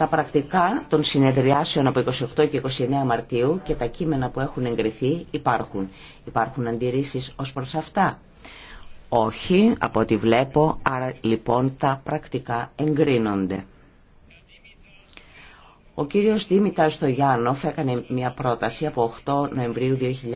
τα πρακτικά των συνεδριάσεων από 28 και 29 Μαρτίου και τα κείμενα που έχουν εγκριθεί υπάρχουν. Υπάρχουν αντιρρήσεις ως προς αυτά. Όχι, από ό,τι βλέπω, άρα λοιπόν τα πρακτικά εγκρίνονται. Ο κύριος Δήμητας Στογιάννοφ έκανε μια πρόταση από 8 Νοεμβρίου 2000.